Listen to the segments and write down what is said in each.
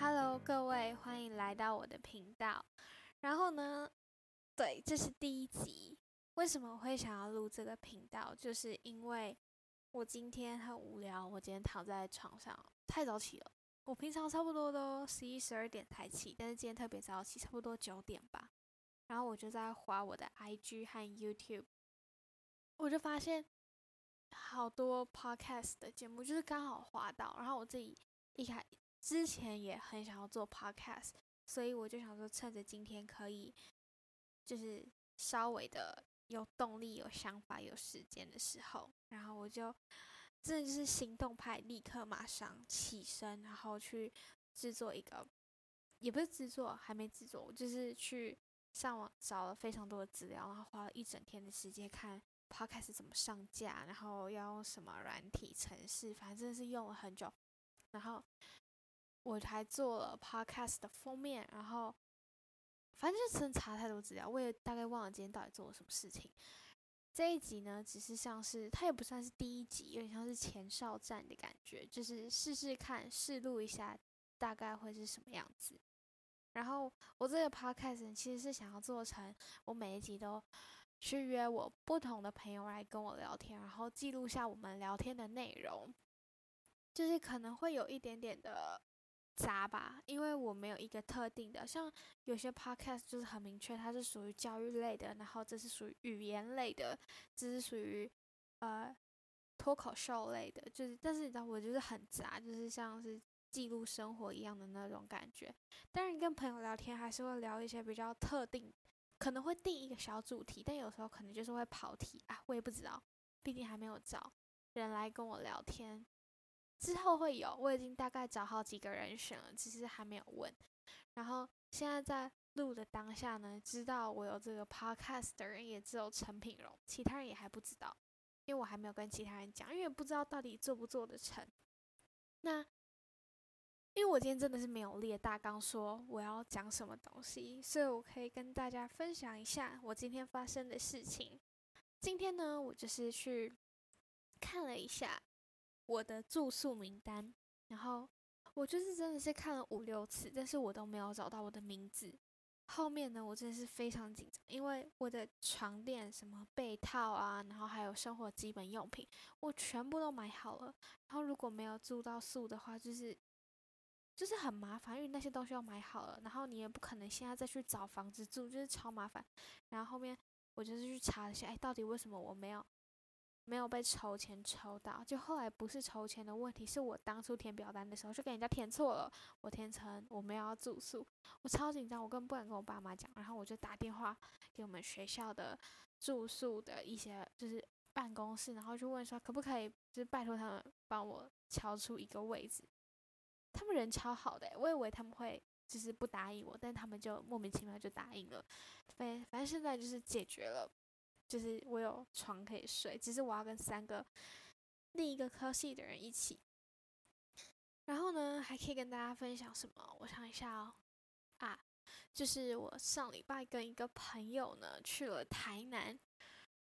Hello，各位，歡迎來到我的頻道。然後呢，對，這是第一集。為什麼我會想要錄這個頻道？就是因為我今天很無聊，我今天躺在床上，太早起了。我平常差不多都十一、十二點才起，但是今天特別早起，差不多九點吧。然後我就在滑我的 IG 和 YouTube，我就發現好多 podcast 的節目，就是剛好滑到，然後我自己一開。之前也很想要做 podcast，所以我就想說，趁着今天可以，就是稍微的有動力、有想法、有時間的時候，然後我就真的就是行動派，立刻馬上起身，然後去製作一個，也不是製作，還沒製作，我就是去上網找了非常多的資料，然後花了一整天的時間看 podcast 怎麼上架，然後要用什麼軟體程式，反正是用了很久，然後。我還做了 podcast 的封面，然後反正就是查太多資料，我也大概忘了今天到底做了什麼事情。這一集呢，只是像是它也不算是第一集，有點像是前哨戰的感覺，就是試試看試錄一下，大概會是什麼樣子。然後我這個 podcast 呢，其實是想要做成，我每一集都去約我不同的朋友來跟我聊天，然後記錄下我們聊天的內容，就是可能會有一點點的。雜吧，因為我沒有一個特定的，像有些 podcast 就是很明確，它是屬於教育類的，然後這是屬於語言類的，這是屬於呃脫口秀類的，就是，但是你知道我就是很雜，就是像是記錄生活一樣的那種感覺。當然跟朋友聊天還是會聊一些比較特定，可能會定一個小主題，但有時候可能就是會跑題啊，我也不知道，畢竟還沒有找人來跟我聊天。之後會有，我已經大概找好幾個人選了，只是還沒有問。然後現在在錄的當下呢，知道我有這個 podcast 的人也只有陳品榮，其他人也還不知道，因為我還沒有跟其他人講，因為不知道到底做不做得成。那因為我今天真的是沒有列大綱說我要講什麼東西，所以我可以跟大家分享一下我今天發生的事情。今天呢，我就是去看了一下。我的住宿名單，然後我就是真的是看了五六次，但是我都沒有找到我的名字。後面呢，我真的是非常緊張，因為我的床墊、什麼被套啊，然後還有生活基本用品，我全部都買好了。然後如果沒有住到宿的話，就是就是很麻煩，因為那些東西要買好了，然後你也不可能現在再去找房子住，就是超麻煩。然後後面我就是去查一下，哎，到底為什麼我沒有？沒有被抽籤抽到，就後來不是抽籤的問題，是我當初填表單的時候就給人家填錯了。我填成我沒有要住宿，我超緊張，我根本不敢跟我爸媽講。然後我就打電話給我們學校的住宿的一些就是辦公室，然後就問說可不可以，就是拜託他們幫我敲出一個位置。他們人超好的欸，我以為他們會就是不答應我，但他們就莫名其妙就答應了。對，反正現在就是解決了。就是我有床可以睡，只是我要跟三個另一個科系的人一起。然後呢，還可以跟大家分享什麼？我想一下哦，啊，就是我上禮拜跟一個朋友呢去了台南。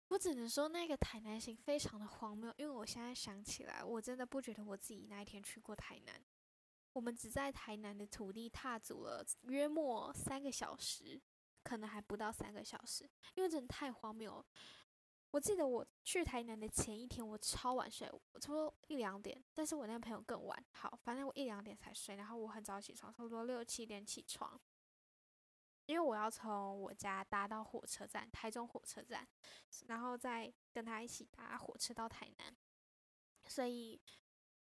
我只能說那個台南行非常的荒謬，因為我現在想起來，我真的不覺得我自己那一天去過台南。我們只在台南的土地踏足了約莫三個小時。可能還不到三個小時，因為真的太荒謬了。我記得我去台南的前一天，我超晚睡，我差不多一兩點，但是我那朋友更晚，好，反正我一兩點才睡，然後我很早起床，差不多六七點起床，因為我要從我家搭到火車站，台中火車站，然後再跟他一起搭火車到台南。所以，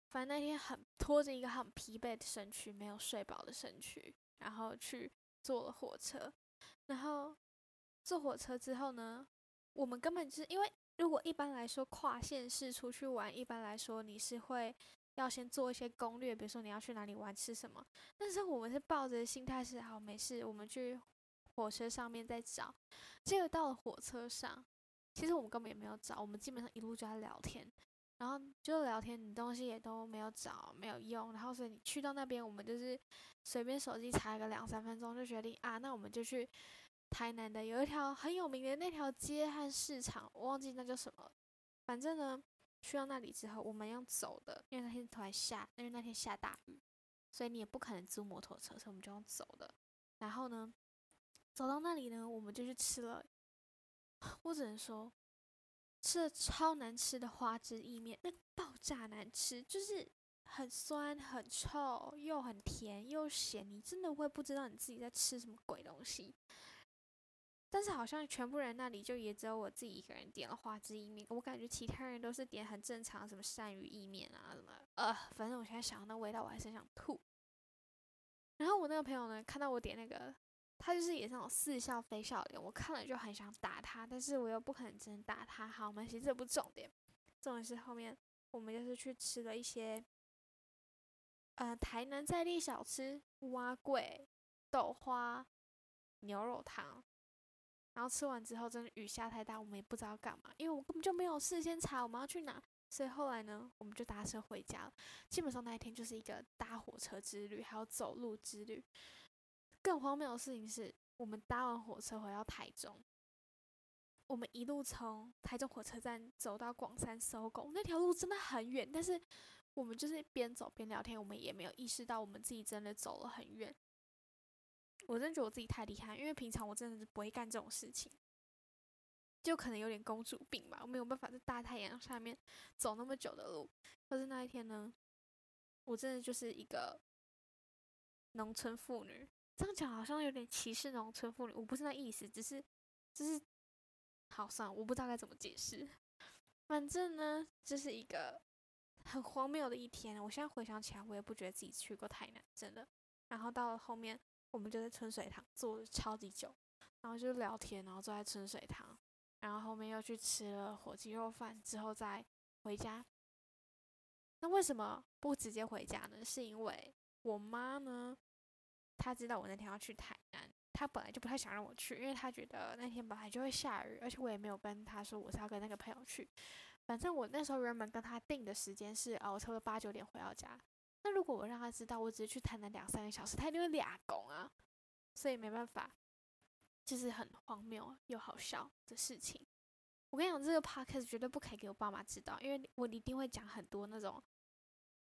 反正那天很拖着一個很疲憊的身軀，沒有睡飽的身軀，然後去坐了火車。然後坐火車之後呢，我們根本就是，因為如果一般來說跨縣市出去玩，一般來說你是會要先做一些攻略，比如說你要去哪裡玩、吃什麼。但是我們是抱着心態是好沒事，我們去火車上面再找。結果到了火車上，其實我們根本也沒有找，我們基本上一路就在聊天。然後就聊天，你東西也都沒有找，沒有用。然後所以你去到那邊，我們就是隨便手機查個兩三分鐘就決定啊，那我們就去台南的有一條很有名的那條街和市場，我忘記那叫什麼。反正呢，去到那裡之後，我們用走的，因為那天突然下，因為那天下大雨，所以你也不可能租摩托車，所以我們就用走的。然後呢，走到那裡呢，我們就去吃了。我只能說。這超難吃的花枝意麵，那個，爆炸難吃，就是很酸，很臭，又很甜又鹹，你真的會不知道你自己在吃什麼鬼東西。但是好像全部人那裡就也只有我自己一個人點了花枝意麵，我感覺其他人都是點很正常，什麼鱔魚意麵啊什麼，呃，反正我現在想到那味道，我還是很想吐。然後我那個朋友呢，看到我點那個。他就是也是那種似笑非笑的臉，我看了就很想打他，但是我又不可能真的打他。好，我們其實這不重點，重點是後面我們就是去吃了一些，嗯、呃，台南在地小吃碗粿、豆花、牛肉湯，然後吃完之後真的雨下太大，我們也不知道幹嘛，因為我根本就沒有事先查我們要去哪，所以後來呢，我們就搭車回家了。基本上那一天就是一個搭火車之旅，還有走路之旅。更荒謬的事情是，我們搭完火車回到台中，我們一路從台中火車站走到廣山收工，那條路真的很遠，但是我們就是邊走邊聊天，我們也沒有意識到我們自己真的走了很遠。我真覺得我自己太厲害，因為平常我真的不會幹這種事情，就可能有點公主病吧，我沒有辦法在大太陽下面走那麼久的路。可是那一天呢，我真的就是一個農村婦女。這樣講好像有點歧視農村婦女，我不是那意思，只是，只是，好，算了，我不知道該怎麼解釋。反正呢，這是一個很荒謬的一天。我現在回想起來，我也不覺得自己去過台南，真的。然後到了後面，我們就在春水堂坐了超級久，然後就聊天，然後坐在春水堂，然後後面又去吃了火雞肉飯，之後再回家。那為什麼不直接回家呢？是因為我媽呢？他知道我那天要去台南，他本來就不太想讓我去，因為他覺得那天本來就會下雨，而且我也沒有跟他說我是要跟那個朋友去。反正我那時候原本跟他定的時間是，啊，我差不多八九點回到家。那如果我讓他知道，我只是去台南兩三個小時，他一定會倆公啊。所以沒辦法，就是很荒謬又好笑的事情。我跟你講，這個 podcast 絕對不可以給我爸媽知道，因為我一定會講很多那種。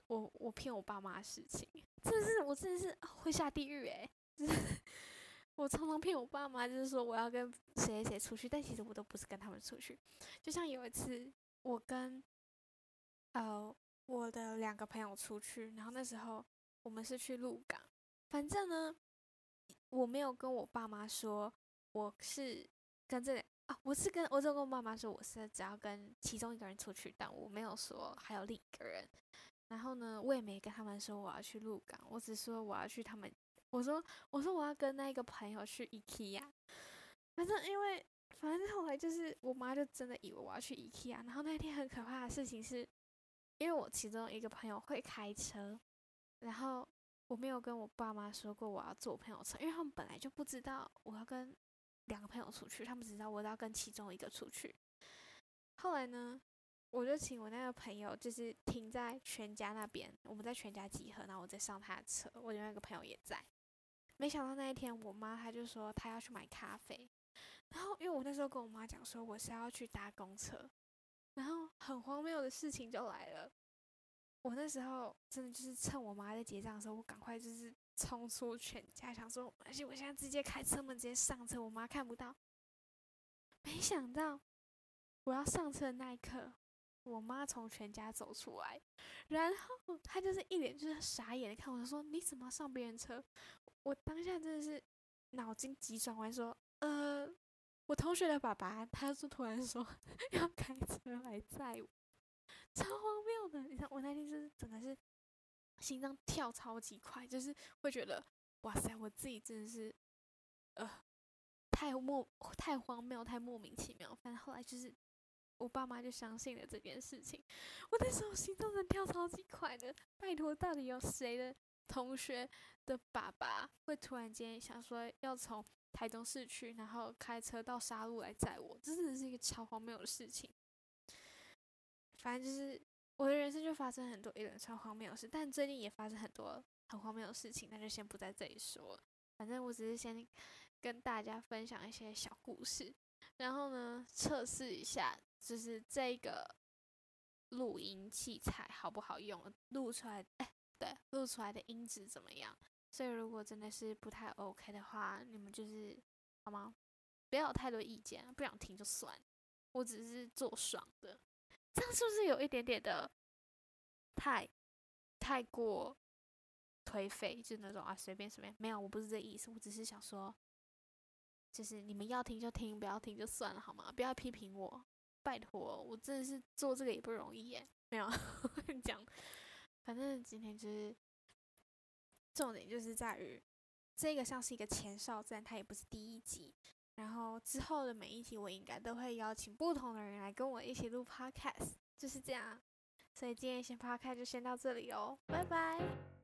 我我騙我爸媽的事情，就是我真的是會下地獄哎、欸！ 我常常騙我爸媽，就是說我要跟誰誰出去，但其實我都不是跟他們出去。就像有一次我，呃，我跟呃我的兩個朋友出去，然後那時候我們是去鹿港。反正呢，我沒有跟我爸媽說我是跟這裡啊，我是跟我就跟我爸媽說我是只要跟其中一個人出去，但我沒有說還有另一個人。然後呢，我也沒跟他們說我要去鹿港，我只說我要去他們。我說我說我要跟那個朋友去 IKEA。反正因為反正後來就是我媽就真的以為我要去 IKEA，然後那天很可怕的事情是，因為我其中一個朋友會開車，然後我沒有跟我爸媽說過我要坐朋友車，因為他們本來就不知道我要跟兩個朋友出去，他們只知道我要跟其中一個出去。後來呢，我就請我那個朋友，就是停在全家那邊，我們在全家集合，然後我再上他的車。我另外一個朋友也在，沒想到那一天我媽她就說她要去買咖啡，然後因為我那時候跟我媽講說我是要去搭公車，然後很荒謬的事情就來了。我那時候真的就是趁我媽在結賬的時候，我趕快就是衝出全家，想說而且我現在直接開車門，直接上車，我媽看不到。沒想到我要上車的那一刻。我媽從全家走出來，然後她就是一臉就是傻眼的看我說：“你怎麼上別人車？”我當下真的是腦筋急轉彎，說：“呃，我同學的爸爸，他就突然說 要開車來載我，超荒謬的！你看我那天真是真的是心臟跳超級快，就是會覺得哇塞，我自己真的是呃太莫太荒謬，太莫名其妙。反正後來就是。”我爸媽就相信了這件事情。我那時候心都跳超級快的。拜託，到底有誰的同學的爸爸會突然間想說要從台中市區，然後開車到沙鹿來載我？這真的是一個超荒謬的事情。反正就是我的人生就發生很多一點超荒謬的事，但最近也發生很多很荒謬的事情，那就先不在這裡說。反正我只是先跟大家分享一些小故事，然後呢，測試一下。就是這個錄音器材好不好用，錄出來哎、欸，對，錄出來的音質怎麼樣？所以如果真的是不太 OK 的話，你們就是好嗎？不要有太多意見，不想聽就算。我只是做爽的，這樣是不是有一點點的太太過頹廢？就那種啊，隨便隨便？沒有，我不是這個意思，我只是想說，就是你們要聽就聽，不要聽就算了，好嗎？不要批評我。拜托，我真的是做這個也不容易耶。沒有，我跟你講，反正今天就是重點，就是在於這個像是一個前哨戰，它也不是第一集。然後之後的每一集，我應該都會邀請不同的人來跟我一起錄 podcast，就是這樣。所以今天先 podcast 就先到這裡哦，拜拜。